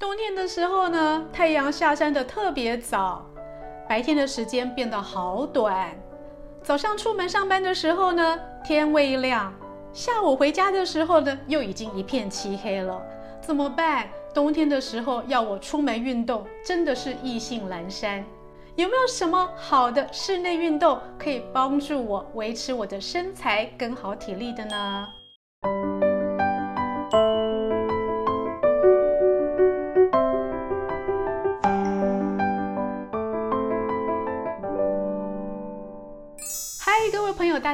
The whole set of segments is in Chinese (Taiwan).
冬天的時候呢，太陽下山的特別早，白天的時間變得好短。早上出門上班的時候呢，天未亮；下午回家的時候呢，又已經一片漆黑了。怎麼辦？冬天的時候要我出門運動，真的是意興闌珊。有沒有什麼好的室內運動可以幫助我維持我的身材跟好體力的呢？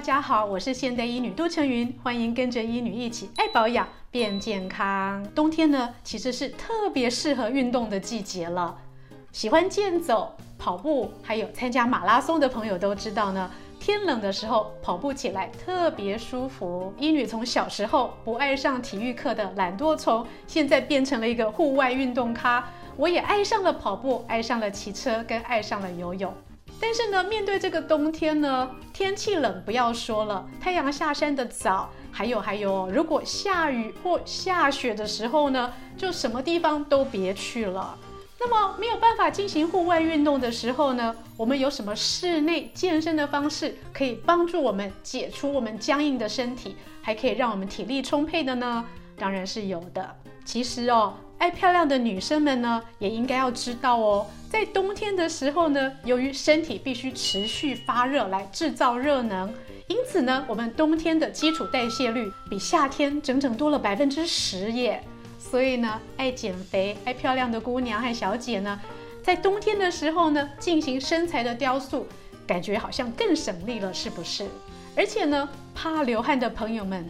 大家好，我是現代醫女杜丞蕓，歡迎跟着醫女一起愛保養變健康。冬天呢，其實是特別適合運動的季節了。喜歡健走、跑步，還有參加馬拉松的朋友都知道呢，天冷的時候跑步起來特別舒服。醫女從小時候不愛上體育課的懶惰蟲，現在變成了一個戶外運動咖。我也愛上了跑步，愛上了騎車，跟愛上了游泳。但是呢，面對這個冬天呢，天氣冷不要說了，太陽下山的早，還有還有哦，如果下雨或下雪的時候呢，就什麼地方都別去了。那麼沒有辦法進行戶外運動的時候呢，我們有什麼室內健身的方式可以幫助我們解除我們僵硬的身體，還可以讓我們體力充沛的呢？當然是有的。其實哦。愛漂亮的女生們呢，也應該要知道哦，在冬天的時候呢，由於身體必須持續發熱來制造熱能，因此呢，我們冬天的基礎代謝率比夏天整整多了百分之十耶。所以呢，愛減肥、愛漂亮的姑娘和小姐呢，在冬天的時候呢，進行身材的雕塑，感覺好像更省力了，是不是？而且呢，怕流汗的朋友們，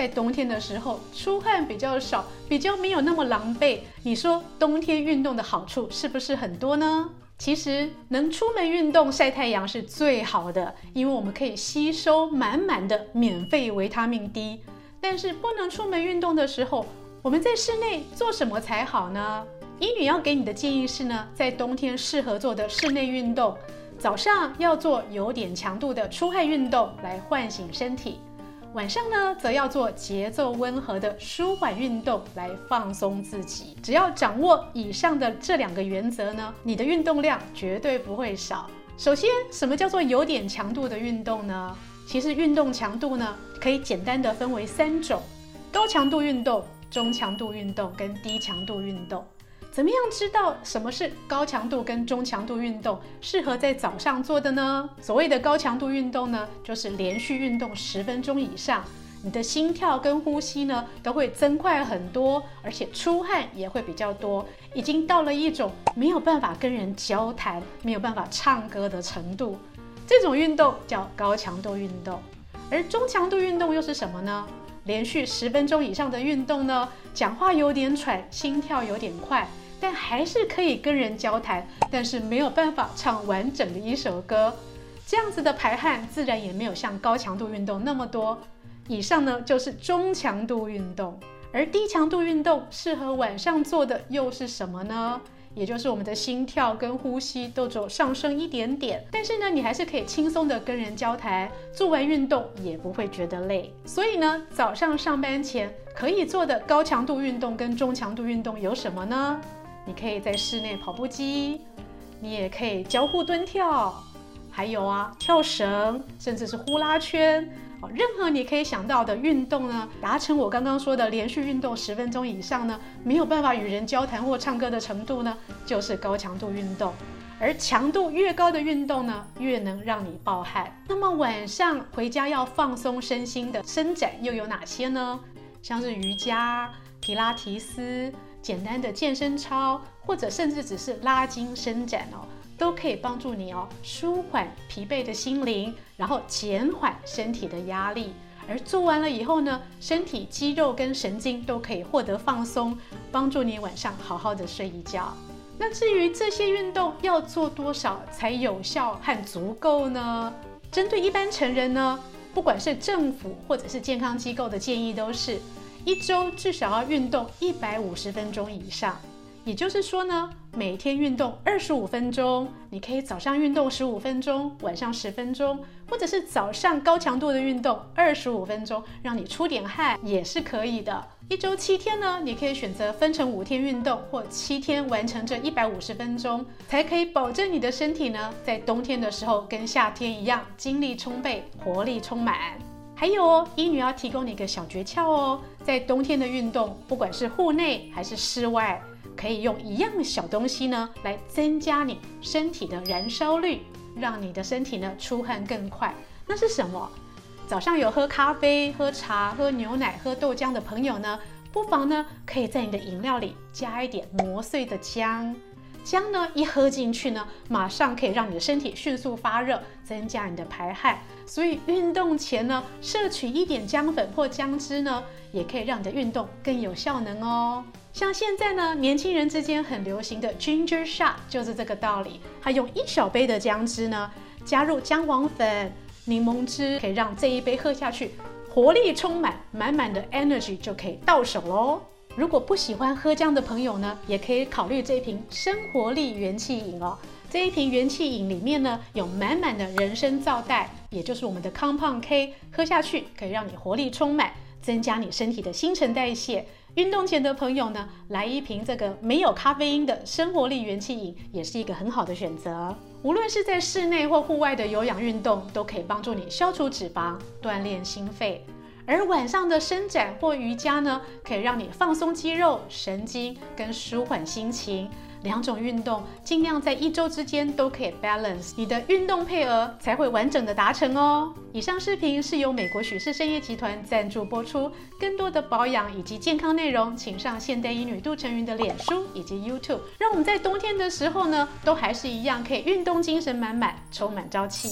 在冬天的時候，出汗比較少，比較沒有那麼狼狽。你說冬天運動的好處是不是很多呢？其實能出門運動曬太陽是最好的，因為我們可以吸收滿滿的免費維他命 D。但是不能出門運動的時候，我們在室內做什麼才好呢？醫女要給你的建議是呢，在冬天適合做的室內運動，早上要做有點強度的出汗運動來喚醒身體。晚上呢，則要做節奏溫和的舒緩運動來放鬆自己。只要掌握以上的這兩個原則呢，你的運動量絕對不會少。首先，什麼叫做有點強度的運動呢？其實運動強度呢，可以簡單的分為三種：高強度運動、中強度運動跟低強度運動。怎麼樣知道什麼是高強度跟中強度運動適合在早上做的呢？所謂的高強度運動呢，就是連續運動十分鐘以上，你的心跳跟呼吸呢都會增快很多，而且出汗也會比較多，已經到了一種沒有辦法跟人交談、沒有辦法唱歌的程度。這種運動叫高強度運動，而中強度運動又是什麼呢？連續十分鐘以上的運動呢，講話有點喘，心跳有點快。但還是可以跟人交談，但是沒有辦法唱完整的一首歌。這樣子的排汗自然也沒有像高強度運動那麼多。以上呢就是中強度運動，而低強度運動適合晚上做的又是什麼呢？也就是我們的心跳跟呼吸都只有上升一點點，但是呢你還是可以輕鬆的跟人交談，做完運動也不會覺得累。所以呢早上上班前可以做的高強度運動跟中強度運動有什麼呢？你可以在室內跑步機，你也可以交互蹲跳，還有啊跳繩，甚至是呼啦圈，任何你可以想到的運動呢，達成我剛剛說的連續運動十分鐘以上呢，沒有辦法與人交談或唱歌的程度呢，就是高強度運動。而強度越高的運動呢，越能讓你暴汗。那麼晚上回家要放鬆身心的伸展又有哪些呢？像是瑜伽、皮拉提斯。簡單的健身操，或者甚至只是拉筋伸展哦，都可以幫助你哦，舒緩疲憊的心靈，然後減緩身體的壓力。而做完了以後呢，身體肌肉跟神經都可以獲得放鬆，幫助你晚上好好的睡一覺。那至於這些運動要做多少才有效和足夠呢？針對一般成人呢，不管是政府或者是健康機構的建議都是。一週至少要運動一百五十分鐘以上，也就是說呢，每天運動二十五分鐘，你可以早上運動十五分鐘，晚上十分鐘，或者是早上高強度的運動二十五分鐘，讓你出點汗也是可以的。一周七天呢，你可以選擇分成五天運動，或七天完成這一百五十分鐘，才可以保證你的身體呢，在冬天的時候跟夏天一樣，精力充沛，活力充滿。還有哦，醫女要提供你一個小訣竅哦，在冬天的運動，不管是戶內還是室外，可以用一樣的小東西呢，來增加你身體的燃燒率，讓你的身體呢出汗，更快。那是什麼？早上有喝咖啡、喝茶、喝牛奶、喝豆漿的朋友呢，不妨呢可以在你的飲料裡加一點磨碎的薑。薑呢，一喝進去呢，馬上可以讓你的身體迅速發熱，增加你的排汗。所以運動前呢，攝取一點薑粉或薑汁呢，也可以讓你的運動更有效能哦。像現在呢，年輕人之間很流行的 Ginger Shot 就是這個道理。它用一小杯的薑汁呢，加入薑黃粉、檸檬汁，可以讓這一杯喝下去，活力充滿，滿滿的 energy 就可以到手嘍。如果不喜歡喝薑的朋友呢，也可以考慮這瓶生活力元氣飲哦。這一瓶元氣飲裡面呢，有滿滿的人參皂苷，也就是我們的康胖 K，喝下去可以讓你活力充滿，增加你身體的新陳代謝。運動前的朋友呢，來一瓶這個沒有咖啡因的生活力元氣飲也是一個很好的選擇。無論是在室內或戶外的有氧運動，都可以幫助你消除脂肪，鍛鍊心肺。而晚上的伸展或瑜伽呢，可以讓你放鬆肌肉、神經跟舒緩心情。兩種運動儘量在一周之間都可以 balance，你的運動配額才會完整的達成哦。以上視頻是由美國許氏參業集團贊助播出。更多的保養以及健康內容，請上現代醫女杜丞蕓的臉書以及 YouTube。讓我們在冬天的時候呢，都還是一樣可以運動，精神滿滿，充滿朝氣。